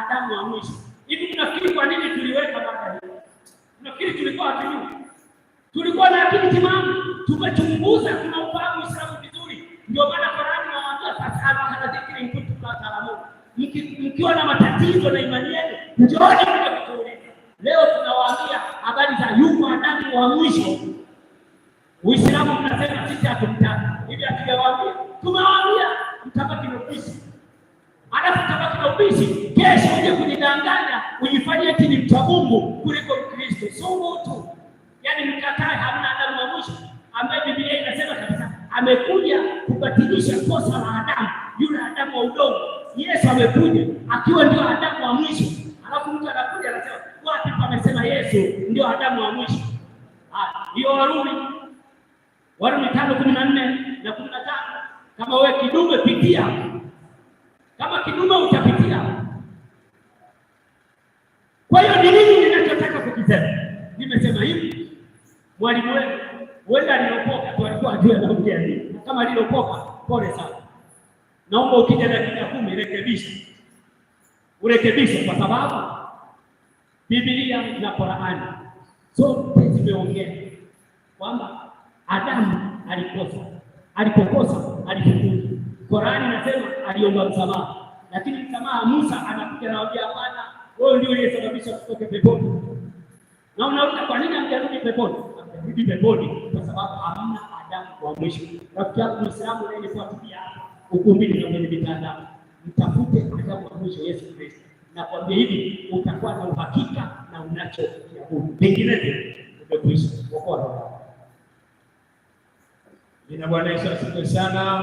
Adamu wa mwisho. Hivi tunafikiri kwa nini tuliweka mada hii? Tunafikiri tulikuwa hatujui? Tulikuwa na akili timamu, tumechunguza, tunaufahamu Uislamu vizuri. Ndio maana Qur'ani inawaambia fasalu ahla dhikri in kuntum la ta'lamun. Mkiwa na matatizo na imani yenu, njooni mje kutuuliza. Leo tunawaambia habari za yuko Adamu wa mwisho. Uislamu unasema sisi hatumtaki. Hivi hatujawaambia? Tumewaambia mtabaki na Alhamisi, kesho uje kujidanganya, ujifanye eti ni mcha Mungu kuliko Mkristo. Sumu tu, yaani mkatae. Hamna Adamu wa mwisho ambaye Biblia inasema kabisa amekuja kubatilisha kosa la Adamu, yule Adamu wa udongo. Yesu amekuja akiwa ndio Adamu wa mwisho, alafu mtu anakuja anasema wapi pamesema Yesu ndio Adamu wa mwisho? Hiyo Warumi, Warumi tano kumi na nne na kumi na tano. Kama wewe kidume, pitia kama kidume utapitia. Kwa hiyo ni nini ninachotaka kukisema? Nimesema hivi, mwalimu wenu huenda aliokoka tu alikuwa ajue anaongea nini. Kama aliokoka, pole sana, naomba ukija dakika kumi rekebisha, urekebishe, kwa sababu Biblia na Qur'ani zote zimeongea kwamba Adamu alikosa, alipokosa alifukuzwa. Qur'ani aliomba msamaha, lakini msamaha Musa anakuja naambia, Bwana, wewe ndio uliyesababisha kutoke peponi. Na unauliza kwa nini amjarudi peponi? Amjarudi peponi kwa sababu hamna Adamu wa mwisho. Rafiki yangu Muislamu unayenifuatilia hapa ukumbini na kwenye mitandao, mtafute Adamu wa mwisho Yesu Kristo. Nakwambia hivi, utakuwa na uhakika na unacho unachokiabudu, vinginevyo umekwisha kuokoa. Nina Bwana Yesu asifiwe sana.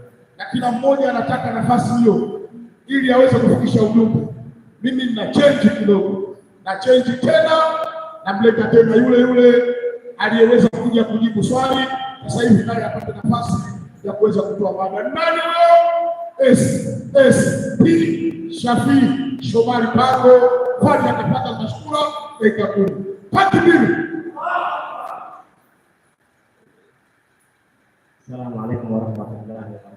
na kila mmoja anataka nafasi hiyo ili aweze kufikisha ujumbe. Mimi nina chenji kidogo, na chenji tena, namleta tena yule yule aliyeweza kuja kujibu swali sasa hivi, naye apate nafasi ya kuweza kutoa mada. Nani S P Shafii Shomari Pago kwani akapata mashukura eka kumi pati mbili. Assalamu alaikum warahmatullahi wabarakatuh.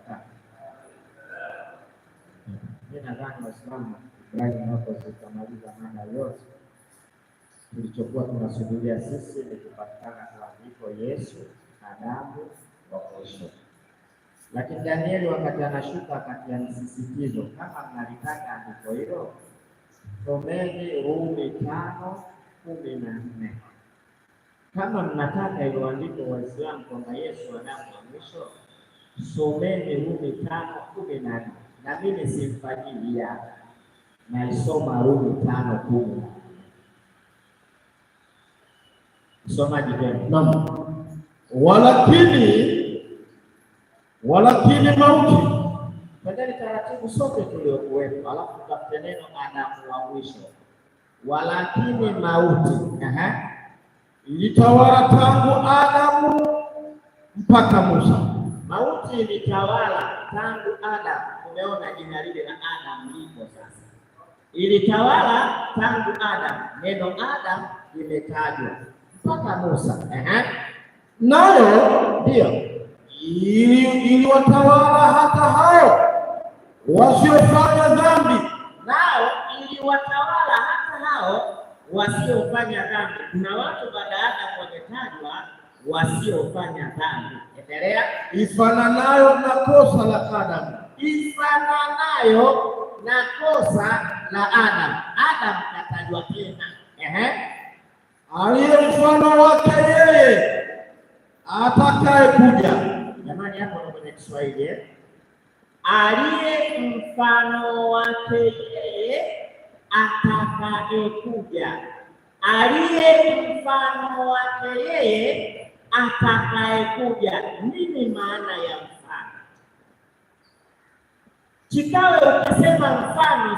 Mi nadhani Waislamu wafurahi wanapozikamaliza maana yote. Kilichokuwa tunasubiria sisi ni kupatikana kwa andiko Yesu na damu wa mwisho. Lakini Danieli wakati anashuka, kati ya msisitizo, kama mnalitaka andiko hilo, someni Rumi tano kumi na nne kama mnataka ilo andiko Waislamu, kwamba Yesu wa damu wa mwisho, someni Rumi tano kumi na nne na mimi simfagilia, naisoma Rumi tano kumi. Msomaji wenu, walakini walakini mauti. pendeni taratibu sote tuliokuwepo, alafu tutafute neno adamu wa mwisho. Walakini mauti ilitawala tangu Adamu mpaka Musa. Mauti ilitawala tangu Adamu umeona jina lile la Adam lipo sasa, ilitawala tangu Adam. Neno Adam limetajwa mpaka Musa. Ehe, nayo ndio iliwatawala hata hao wasiofanya dhambi, nao iliwatawala hata hao wasiofanya dhambi. Kuna watu baada ya Adam wametajwa wasiofanya dhambi. Endelea. Ifananayo na kosa la Adam ifananayo na kosa la Adam. Adam katajwa tena, ehe, aliye mfano wake yeye atakaye kuja. Jamani, hapo ndo kwenye Kiswahili, eh? aliye mfano wake yeye atakaye kuja, aliye mfano wake yeye atakaye kuja. Nini maana ya Kitawe ukasema mfano